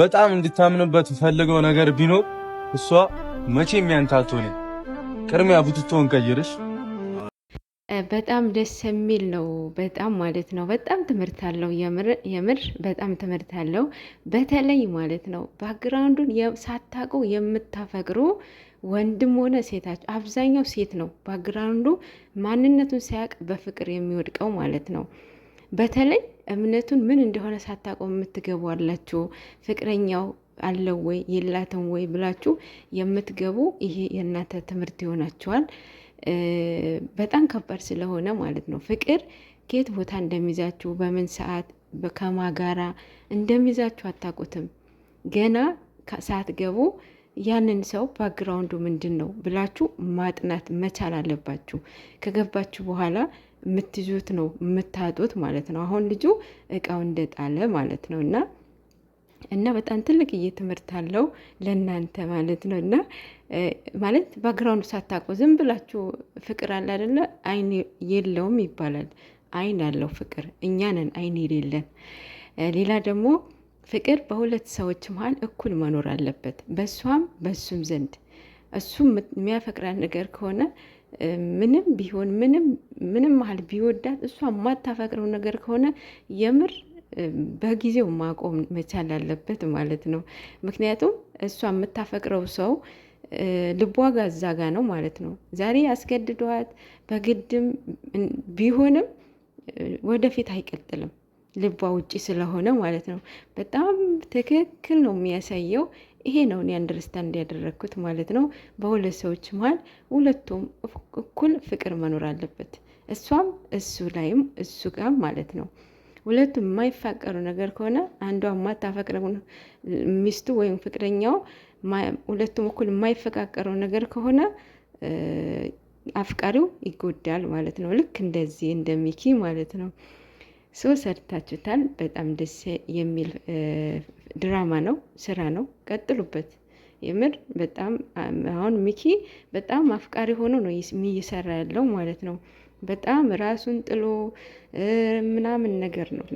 በጣም እንድታምንበት ፈልገው ነገር ቢኖር እሷ መቼም ያንተ አትሆንም። ቅድሚያ ቡትቶን ቀይርሽ። በጣም ደስ የሚል ነው። በጣም ማለት ነው። በጣም ትምህርት አለው። የምር በጣም ትምህርት አለው። በተለይ ማለት ነው ባክግራውንዱን ሳታውቁ የምታፈቅሩ ወንድም ሆነ ሴታችሁ አብዛኛው ሴት ነው ባክግራውንዱ ማንነቱን ሳያውቅ በፍቅር የሚወድቀው ማለት ነው በተለይ እምነቱን ምን እንደሆነ ሳታውቀው የምትገቡ አላችሁ። ፍቅረኛው አለው ወይ የላትም ወይ ብላችሁ የምትገቡ ይሄ የእናንተ ትምህርት ይሆናችኋል። በጣም ከባድ ስለሆነ ማለት ነው። ፍቅር ከየት ቦታ እንደሚይዛችሁ በምን ሰዓት ከማጋራ እንደሚይዛችሁ አታውቁትም ገና ሳትገቡ ያንን ሰው ባክግራውንዱ ምንድን ነው ብላችሁ ማጥናት መቻል አለባችሁ። ከገባችሁ በኋላ የምትይዙት ነው የምታጡት ማለት ነው። አሁን ልጁ እቃው እንደጣለ ማለት ነው እና እና በጣም ትልቅዬ ትምህርት አለው ለእናንተ ማለት ነው። እና ማለት ባክግራውንዱ ሳታውቁ ዝም ብላችሁ ፍቅር አለ አይደለ? አይን የለውም ይባላል። አይን አለው ፍቅር እኛ ነን አይን የሌለን። ሌላ ደግሞ ፍቅር በሁለት ሰዎች መሀል እኩል መኖር አለበት፣ በእሷም በእሱም ዘንድ። እሱም የሚያፈቅራት ነገር ከሆነ ምንም ቢሆን ምንም ምንም መሀል ቢወዳት እሷ የማታፈቅረው ነገር ከሆነ የምር በጊዜው ማቆም መቻል አለበት ማለት ነው። ምክንያቱም እሷ የምታፈቅረው ሰው ልቧ ጋር እዛ ጋ ነው ማለት ነው። ዛሬ ያስገድደዋት በግድም ቢሆንም ወደፊት አይቀጥልም። ልቧ ውጪ ስለሆነ ማለት ነው። በጣም ትክክል ነው የሚያሳየው። ይሄ ነው እኔ አንደርስታንድ ያደረግኩት ማለት ነው። በሁለት ሰዎች መሀል ሁለቱም እኩል ፍቅር መኖር አለበት። እሷም እሱ ላይም እሱ ጋር ማለት ነው። ሁለቱም የማይፋቀሩ ነገር ከሆነ አንዷ የማታፈቅረው ሚስቱ ወይም ፍቅረኛው፣ ሁለቱም እኩል የማይፈቃቀረው ነገር ከሆነ አፍቃሪው ይጎዳል ማለት ነው። ልክ እንደዚህ እንደሚኪ ማለት ነው። ሶ ሰርታችሁታል። በጣም ደስ የሚል ድራማ ነው፣ ስራ ነው። ቀጥሉበት። የምር በጣም አሁን ሚኪ በጣም አፍቃሪ ሆኖ ነው እየሰራ ያለው ማለት ነው። በጣም ራሱን ጥሎ ምናምን ነገር ነው።